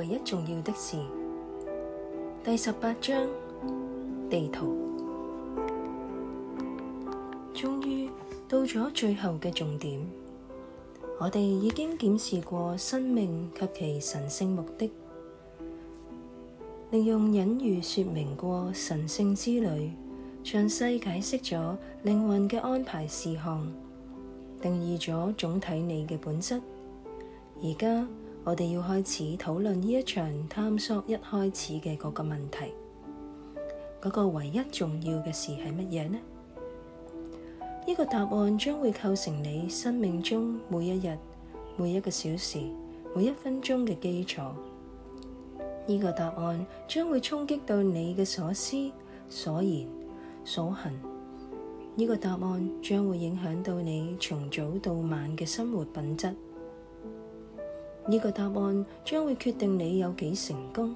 唯一重要的事，第十八章地圖，終於到咗最後嘅重點。我哋已經檢視過生命及其神聖目的，利用隱喻說明過神聖之旅，詳細解釋咗靈魂嘅安排事項，定義咗總體你嘅本質。而家，我哋要開始討論呢一場探索，一開始嘅嗰個問題，嗰個唯一重要嘅事係乜嘢呢？呢個答案將會構成你生命中每一日、每一個小時、每一分鐘嘅基礎。呢個答案將會衝擊到你嘅所思、所言、所行。呢個答案將會影響到你從早到晚嘅生活品質。呢個答案將會決定你有幾成功，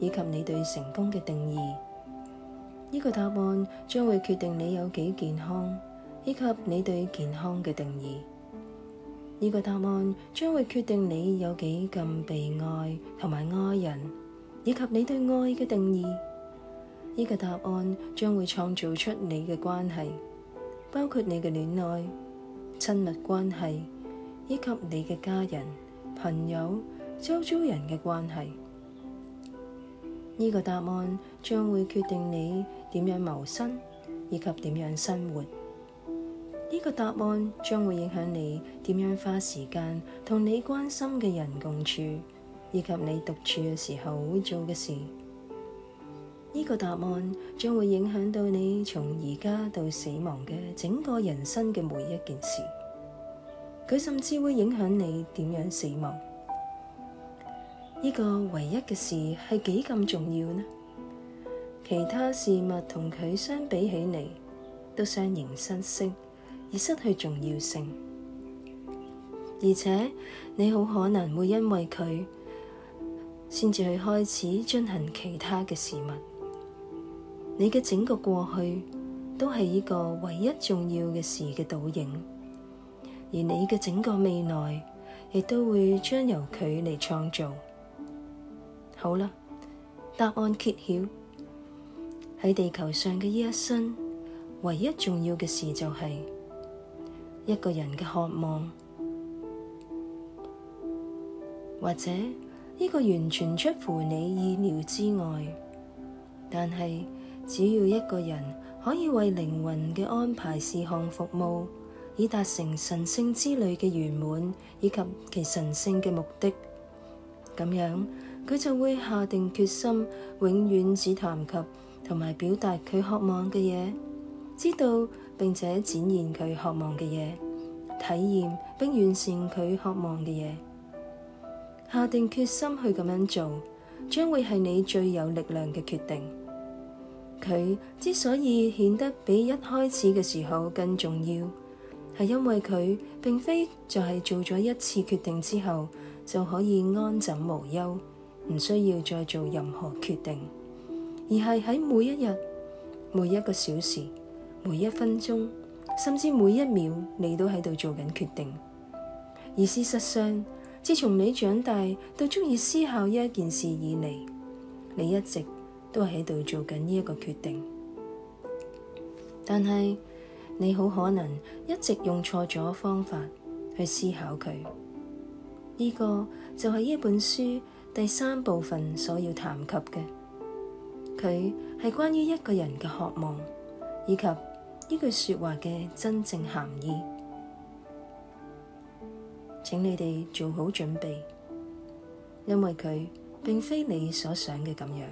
以及你對成功嘅定義；呢個答案將會決定你有幾健康，以及你對健康嘅定義；呢個答案將會決定你有幾咁被愛同埋愛人，以及你對愛嘅定義；呢個答案將會創造出你嘅關係，包括你嘅戀愛、親密關係以及你嘅家人。朋友、周遭人嘅關係，呢個答案將會決定你點樣謀生，以及點樣生活。呢個答案將會影響你點樣花時間同你關心嘅人共處，以及你獨處嘅時候會做嘅事。呢個答案將會影響到你從而家到死亡嘅整個人生嘅每一件事。佢甚至會影響你點樣死亡。呢個唯一嘅事係幾咁重要呢？其他事物同佢相比起嚟，都相形失色而失去重要性。而且你好可能會因為佢，先至去開始進行其他嘅事物。你嘅整個過去都係呢個唯一重要嘅事嘅倒影。而你嘅整個未來亦都會將由佢嚟創造。好啦，答案揭曉，喺地球上嘅呢一生，唯一重要嘅事就係一個人嘅渴望，或者呢個完全出乎你意料之外。但係只要一個人可以為靈魂嘅安排事項服務，以達成神聖之旅嘅圓滿，以及其神聖嘅目的。咁樣佢就會下定決心，永遠只談及同埋表達佢渴望嘅嘢，知道並且展現佢渴望嘅嘢，體驗並完善佢渴望嘅嘢。下定決心去咁樣做，將會係你最有力量嘅決定。佢之所以顯得比一開始嘅時候更重要。係因為佢並非就係做咗一次決定之後就可以安枕無憂，唔需要再做任何決定，而係喺每一日、每一個小時、每一分鐘，甚至每一秒，你都喺度做緊決定。而事實上，自從你長大到足以思考呢一件事以嚟，你一直都喺度做緊呢一個決定，但係。你好可能一直用錯咗方法去思考佢，呢個就係呢本書第三部分所要談及嘅。佢係關於一個人嘅渴望，以及呢句說話嘅真正含義。請你哋做好準備，因為佢並非你所想嘅咁樣。